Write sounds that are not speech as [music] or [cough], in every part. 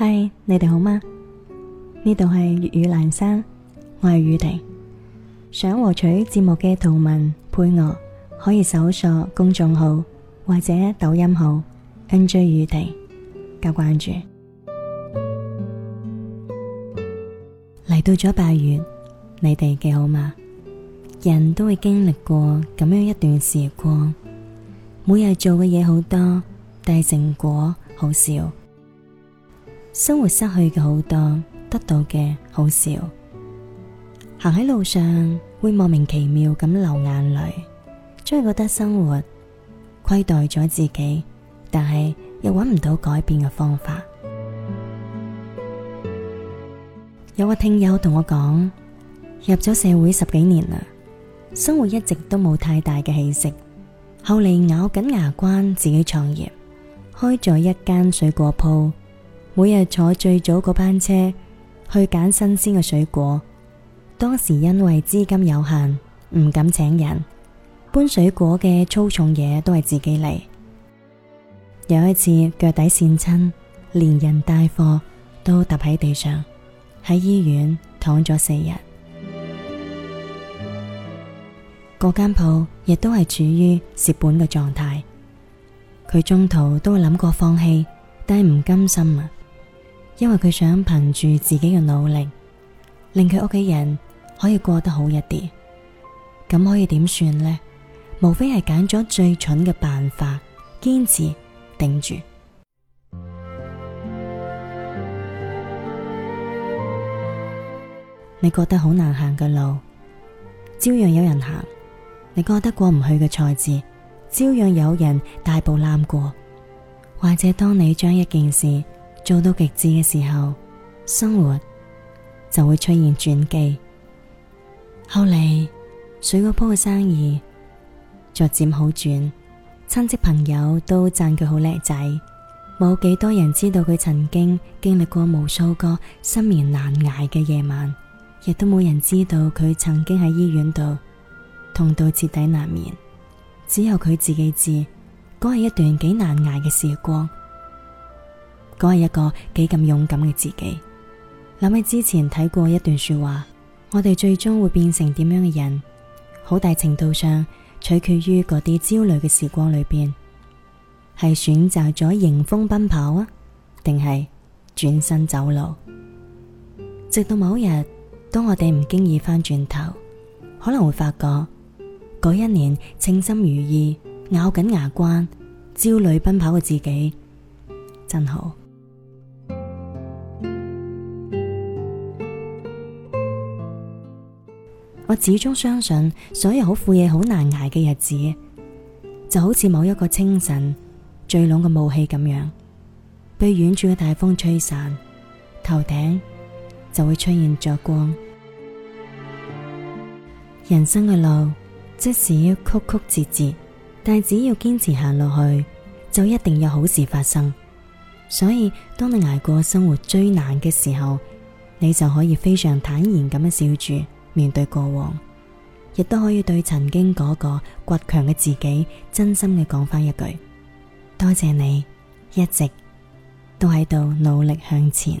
.嗨，Hi，你哋好嗎？呢度係粵語闌珊，我係宇婷。想獲取節目嘅圖文配樂，可以搜索公眾號或者抖音號 NJ 宇婷。加關注。嚟 [music] 到咗八月，你哋幾好嘛？人都會經歷過咁樣一段時光，每日做嘅嘢好多，但係成果好少。生活失去嘅好多，得到嘅好少。行喺路上會莫名其妙咁流眼淚，將係覺得生活虧待咗自己，但係又搵唔到改變嘅方法。有個聽友同我講，入咗社會十幾年啦，生活一直都冇太大嘅起色。後嚟咬緊牙關自己創業，開咗一間水果鋪。每日坐最早嗰班車去揀新鮮嘅水果。當時因為資金有限，唔敢請人，搬水果嘅粗重嘢都係自己嚟。有一次腳底跣親，連人帶貨都揼喺地上，喺醫院躺咗四日。嗰間鋪亦都係處於蝕本嘅狀態。佢中途都諗過放棄，但係唔甘心啊！因為佢想憑住自己嘅努力，令佢屋企人可以過得好一啲，咁可以點算呢？無非係揀咗最蠢嘅辦法，堅持，頂住。 [music] 你覺得好難行嘅路，照樣有人行；你覺得過唔去嘅挫折，照樣有人大步攬過。或者當你將一件事，做到極致嘅時候，生活就會出現轉機。後嚟水果鋪嘅生意逐漸好轉，親戚朋友都讚佢好叻仔。冇幾多人知道佢曾經經歷過無數個失眠難挨嘅夜晚，亦都冇人知道佢曾經喺醫院度痛到徹底難眠。只有佢自己知，嗰係一段幾難挨嘅時光。嗰係一個幾咁勇敢嘅自己。諗起之前睇過一段說話，我哋最終會變成點樣嘅人，好大程度上取決於嗰啲焦慮嘅時光裏邊，係選擇咗迎風奔跑啊，定係轉身走路。直到某日，當我哋唔經意翻轉頭，可能會發覺嗰一年稱心如意、咬緊牙關、焦慮奔跑嘅自己，真好。我始終相信，所有好苦嘢、好難挨嘅日子，就好似某一個清晨聚攏嘅霧氣咁樣，被遠處嘅大風吹散，頭頂就會出現着光。人生嘅路，即使曲曲折折，但只要堅持行落去，就一定有好事發生。所以，當你挨過生活最難嘅時候，你就可以非常坦然咁樣笑住。面對過往，亦都可以對曾經嗰個倔強嘅自己，真心嘅講返一句：多謝你，一直都喺度努力向前。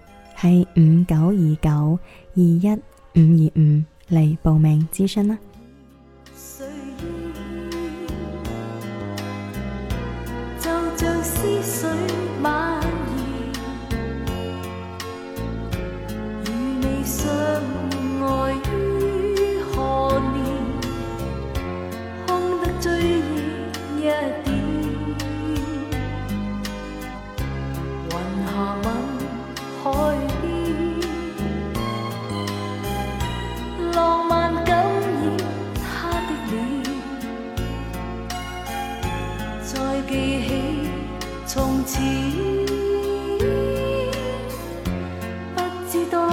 係五九二九二一五二五嚟報名諮詢啦。就像水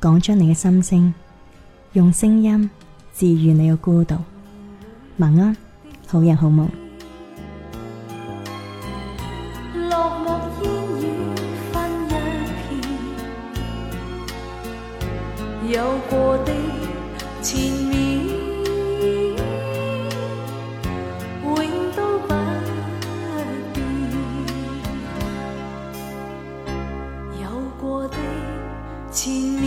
講出你嘅心聲，用聲音治癒你嘅孤獨。晚安，好人好夢。落幕煙雨分一片，有過的纏綿，永都不變。有過的纏綿。